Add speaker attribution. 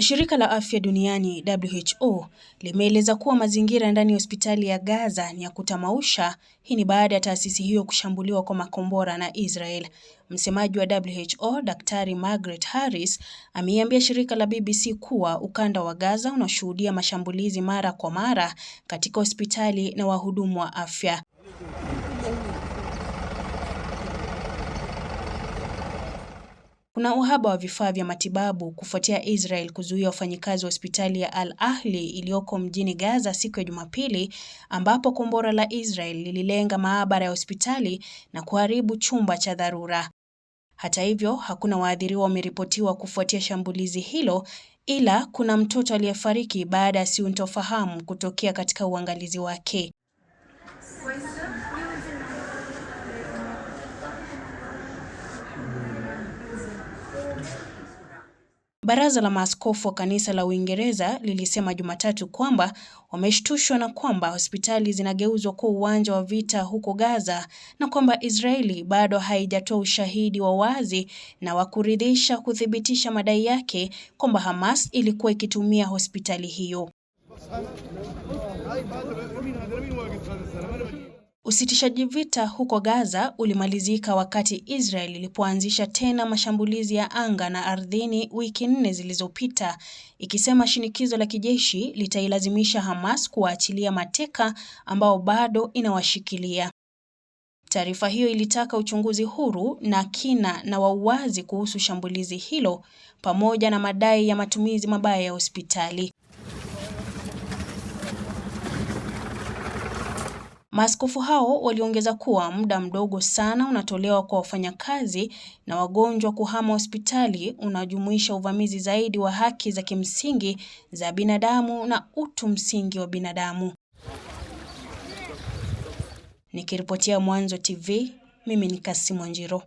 Speaker 1: Shirika la Afya Duniani WHO limeeleza kuwa mazingira ndani ya hospitali ya Gaza ni ya kutamausha. Hii ni baada ya taasisi hiyo kushambuliwa kwa makombora na Israel. Msemaji wa WHO, Daktari Margaret Harris, ameiambia shirika la BBC kuwa ukanda wa Gaza unashuhudia mashambulizi mara kwa mara katika hospitali na wahudumu wa afya. Kuna uhaba wa vifaa vya matibabu kufuatia Israel kuzuia wafanyikazi wa hospitali ya Al Ahli iliyoko mjini Gaza siku ya Jumapili ambapo kombora la Israel lililenga maabara ya hospitali na kuharibu chumba cha dharura. Hata hivyo, hakuna waathiriwa wameripotiwa kufuatia shambulizi hilo ila kuna mtoto aliyefariki baada ya siuntofahamu kutokea katika uangalizi wake. Baraza la maaskofu wa kanisa la Uingereza lilisema Jumatatu kwamba wameshtushwa na kwamba hospitali zinageuzwa kuwa uwanja wa vita huko Gaza na kwamba Israeli bado haijatoa ushahidi wa wazi na wa kuridhisha kuthibitisha madai yake kwamba Hamas ilikuwa ikitumia hospitali hiyo. Usitishaji vita huko Gaza ulimalizika wakati Israel ilipoanzisha tena mashambulizi ya anga na ardhini wiki nne zilizopita, ikisema shinikizo la kijeshi litailazimisha Hamas kuwaachilia mateka ambao bado inawashikilia. Taarifa hiyo ilitaka uchunguzi huru na kina na wa uwazi kuhusu shambulizi hilo pamoja na madai ya matumizi mabaya ya hospitali. Maaskofu hao waliongeza kuwa muda mdogo sana unatolewa kwa wafanyakazi na wagonjwa kuhama hospitali unajumuisha uvamizi zaidi wa haki za kimsingi za binadamu na utu msingi wa binadamu. Nikiripotia Mwanzo TV, mimi ni Kasimu Wanjiro.